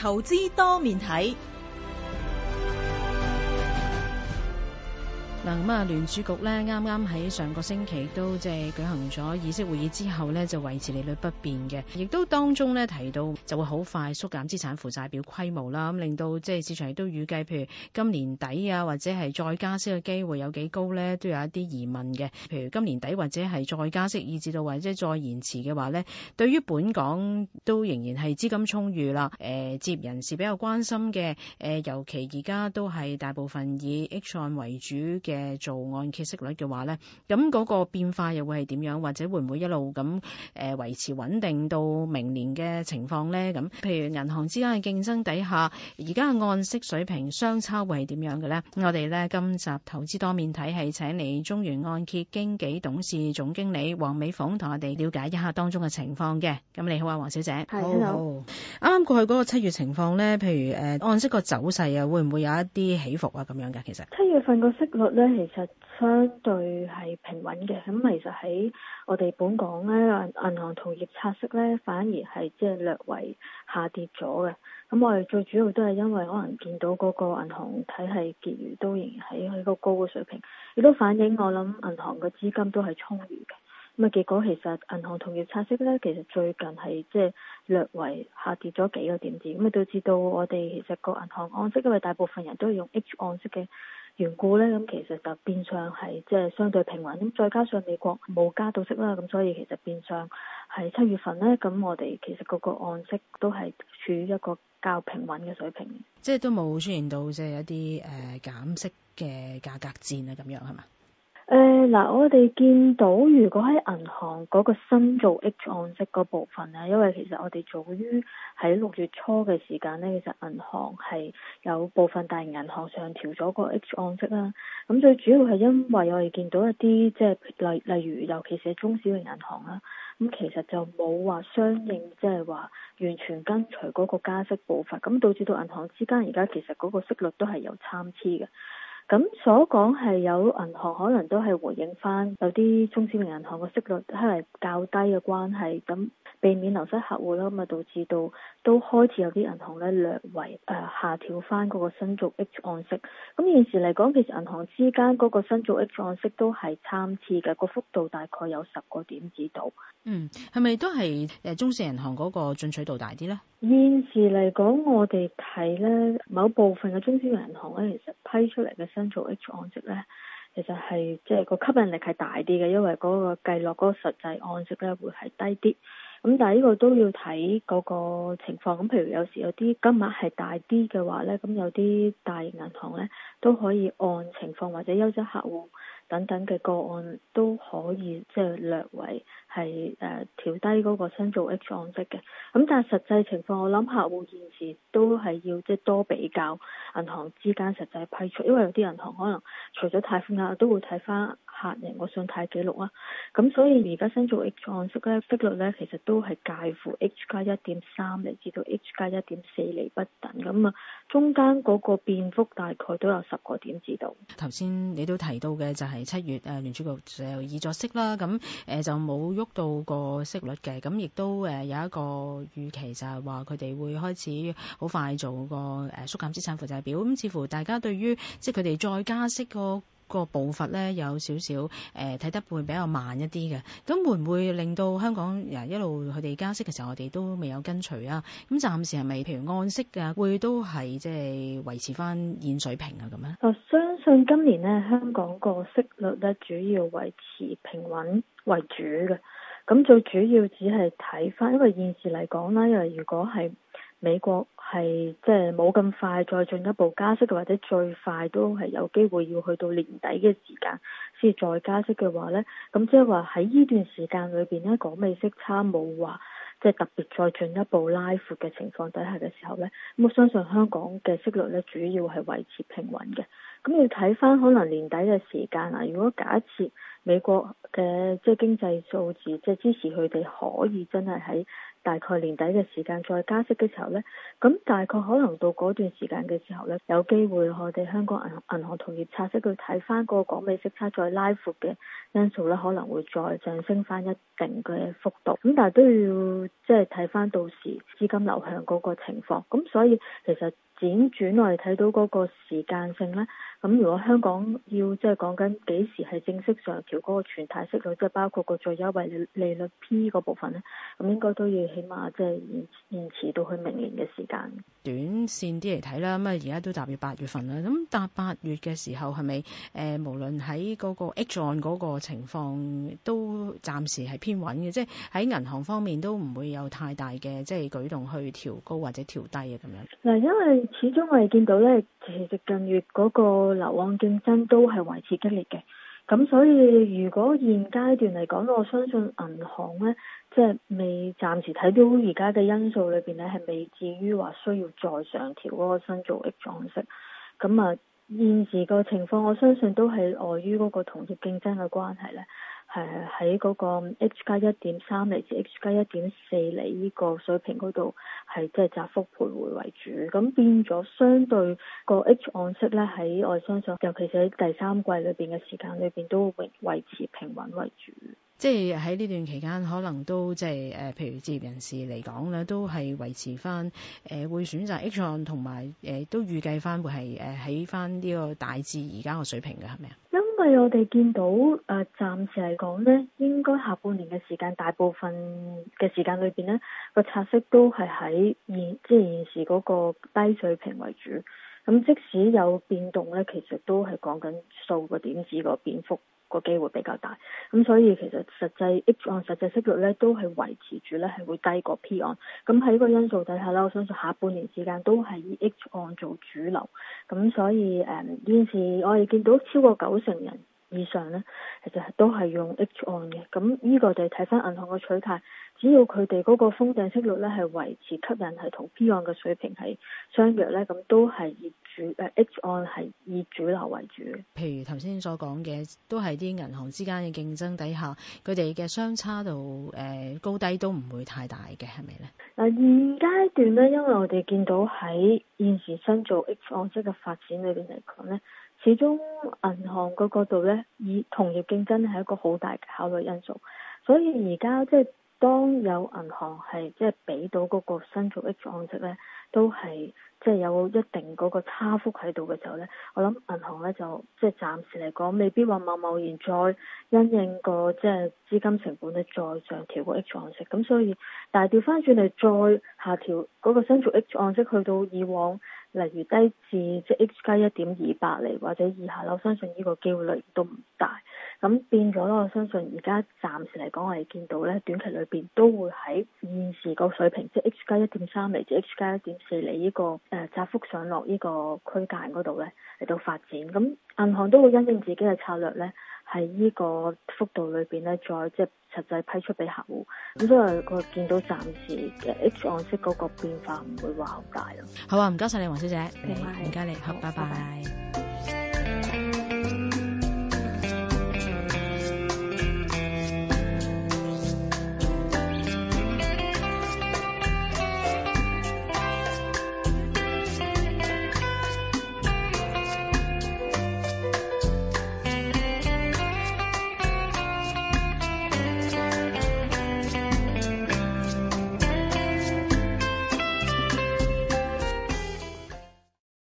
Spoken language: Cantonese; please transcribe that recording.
投資多面體。嗱，咁啊聯儲局呢啱啱喺上個星期都即係舉行咗議息會議之後呢，就維持利率不變嘅，亦都當中呢，提到就會好快縮減資產負債表規模啦，咁令到即係市場亦都預計，譬如今年底啊，或者係再加息嘅機會有幾高呢，都有一啲疑問嘅。譬如今年底或者係再加息，以至到或者再延遲嘅話呢，對於本港都仍然係資金充裕啦。誒、呃，接人士比較關心嘅誒、呃，尤其而家都係大部分以 H 按為主。嘅做按揭息率嘅話咧，咁嗰個變化又會係點樣，或者會唔會一路咁誒維持穩定到明年嘅情況咧？咁譬如銀行之間嘅競爭底下，而家嘅按息水平相差會係點樣嘅咧？我哋咧今集投資多面睇係請嚟中原按揭經紀董事總經理黃美鳳同我哋了解一下當中嘅情況嘅。咁你好啊，黃小姐。係，你好。啱啱過去嗰個七月情況咧，譬如誒按息個走勢啊，會唔會有一啲起伏啊？咁樣嘅，其實七月份個息率、率其實相對係平穩嘅。咁、嗯、其實喺我哋本港咧，銀行同業拆息咧，反而係即係略為下跌咗嘅。咁、嗯、我哋最主要都係因為可能見到嗰個銀行體系結餘都仍然喺佢個高嘅水平，亦都反映我諗銀行嘅資金都係充裕嘅。咁、嗯、啊，結果其實銀行同業拆息咧，其實最近係即係略為下跌咗幾個點點，咁、嗯、啊，導致到我哋其實個銀行按息，因為大部分人都係用 H 按息嘅緣故咧，咁其實就變相係即係相對平穩。咁再加上美國冇加到息啦，咁所以其實變相係七月份咧，咁我哋其實個個按息都係處於一個較平穩嘅水平。即係都冇出現到即係一啲誒、呃、減息嘅價格戰啊，咁樣係嘛？誒嗱、呃，我哋見到如果喺銀行嗰個新做 H 按息嗰部分咧，因為其實我哋早於喺六月初嘅時間呢，其實銀行係有部分大型銀行上調咗個 H 按息啦。咁最主要係因為我哋見到一啲即係例例如，尤其是中小型銀行啦，咁其實就冇話相應即係話完全跟隨嗰個加息步伐，咁導致到銀行之間而家其實嗰個息率都係有參差嘅。咁所講係有銀行可能都係回應翻有啲中小型銀行個息率係較低嘅關係，咁避免流失客戶啦，咁啊導致到都開始有啲銀行咧略為誒、呃、下調翻嗰個新造 H 按息。咁現時嚟講，其實銀行之間嗰個新造 H 按息都係參差嘅，個幅度大概有十個點子度。嗯，係咪都係誒中小型銀行嗰個進取度大啲呢？現時嚟講，我哋睇呢某部分嘅中小型銀行咧，其實批出嚟嘅做 H 按息咧，其實係即係個吸引力係大啲嘅，因為嗰個計落嗰個實際按息咧會係低啲。咁但係呢個都要睇嗰個情況，咁譬如有時有啲金額係大啲嘅話咧，咁有啲大型銀行咧都可以按情況或者優質客戶。等等嘅個案都可以即係、就是、略為係誒調低嗰個新造 H 按息嘅，咁但係實際情況，我諗客戶現時都係要即係、就是、多比較銀行之間實際批出，因為有啲銀行可能除咗貸款額，都會睇翻。客人，我想睇記錄啊。咁所以而家新做 H 按息嘅息率咧，其實都係介乎 H 加一點三釐至到 H 加一點四厘不等。咁啊，中間嗰個變幅大概都有十個點之度。頭先你都提到嘅就係七月誒聯儲局就已議息啦。咁誒就冇喐到個息率嘅。咁亦都誒有一個預期就係話佢哋會開始好快做個誒縮減資產負債表。咁似乎大家對於即係佢哋再加息個，個步伐咧有少少誒睇得會比較慢一啲嘅，咁會唔會令到香港、呃、一路佢哋加息嘅時候，我哋都未有跟隨啊？咁暫時係咪譬如按息嘅，會都係即係維持翻現水平啊？咁樣我相信今年咧香港個息率咧主要維持平穩為主嘅，咁最主要只係睇翻，因為現時嚟講啦，因為如果係。美國係即係冇咁快再進一步加息嘅，或者最快都係有機會要去到年底嘅時間先再加息嘅話呢，咁即係話喺呢段時間裏邊呢，港美息差冇話即係特別再進一步拉闊嘅情況底下嘅時候呢。咁我相信香港嘅息率呢主要係維持平穩嘅。咁要睇翻可能年底嘅時間啊，如果假設美國嘅即係經濟數字即係支持佢哋可以真係喺。大概年底嘅時間再加息嘅時候咧，咁大概可能到嗰段時間嘅時候咧，有機會我哋香港銀銀，銀行同業拆息佢睇翻個港美息差再拉闊嘅因素咧，可能會再上升翻一定嘅幅度。咁但係都要即係睇翻到時資金流向嗰個情況，咁所以其實輾轉我哋睇到嗰個時間性咧，咁如果香港要即係講緊幾時係正式上調嗰個存貸息率，即係包括個最優惠利率 P 嗰部分咧，咁應該都要。起碼即係延延遲到去明年嘅時間，短線啲嚟睇啦。咁啊，而家都踏入八月份啦。咁踏八月嘅時候，係咪誒，無論喺嗰個 H 按嗰個情況，都暫時係偏穩嘅。即係喺銀行方面都唔會有太大嘅即係舉動去調高或者調低啊。咁樣嗱，因為始終我哋見到咧，其實近月嗰個樓按競爭都係維持激烈嘅。咁所以如果現階段嚟講，我相信銀行咧，即係未暫時睇到而家嘅因素裏邊咧，係未至於話需要再上調嗰個新造益裝飾。咁啊，現時個情況，我相信都係礙於嗰個同業競爭嘅關係咧，係喺嗰個 H 加一點三厘至 H 加一點四厘呢個水平嗰度，係即係窄幅徘徊為主，咁變咗相對個 H 按息咧，喺我哋相信，尤其是喺第三季裏邊嘅時間裏邊，都會維持平穩為主。即係喺呢段期間，可能都即係誒，譬如置業人士嚟講咧，都係維持翻誒會選擇 H 按，同埋誒都預計翻會係誒喺翻呢個大致而家個水平嘅，係咪啊？因為我哋見到，誒、呃，暫時嚟講咧，應該下半年嘅時間，大部分嘅時間裏邊咧，個拆息都係喺現，即係現時嗰個低水平為主。咁即使有變動咧，其實都係講緊數個點子個變幅個機會比較大，咁所以其實實際 H 案實際息率咧都係維持住咧係會低過 P 案，咁喺個因素底下咧，我相信下半年時間都係以 H 案做主流，咁所以呢件事，嗯、我哋見到超過九成人。以上咧，其實都係用 H 按嘅。咁呢個就睇翻銀行嘅取態，只要佢哋嗰個封頂息率咧係維持吸引係同 P 按嘅水平係相若咧，咁都係以主誒、呃、H 按係以主流為主。譬如頭先所講嘅，都係啲銀行之間嘅競爭底下，佢哋嘅相差度誒、呃、高低都唔會太大嘅，係咪咧？誒現階段咧，因為我哋見到喺現時新造 H 按息嘅發展裏邊嚟講咧。始終銀行個角度呢，以同業競爭咧係一個好大嘅考慮因素。所以而家即係當有銀行係即係俾到嗰個新造 H 按息呢，都係即係有一定嗰個差幅喺度嘅時候銀呢，我諗銀行呢就即係暫時嚟講，未必話貿貿然再因應個即係資金成本呢再上調個 H 按息。咁所以，但係調翻轉嚟再下調嗰、那個新造 H 按息去到以往。例如低至即係 H 加一點二八釐或者以下咯，我相信呢個機會率都唔大。咁變咗啦，我相信而家暫時嚟講，我哋見到咧短期裏邊都會喺現時個水平，即係 H 加一點三釐至 H 加一點四釐依個誒呃、窄幅上落呢個區間嗰度咧嚟到發展。咁銀行都會因應自己嘅策略咧。喺呢個幅度裏邊咧，再即係實際批出俾客戶，咁所以佢見到暫時嘅 H 按息嗰個變化唔會話好大咯。好啊，唔該晒你，黃小姐，唔該、嗯、你，嗯、好，拜拜。拜拜。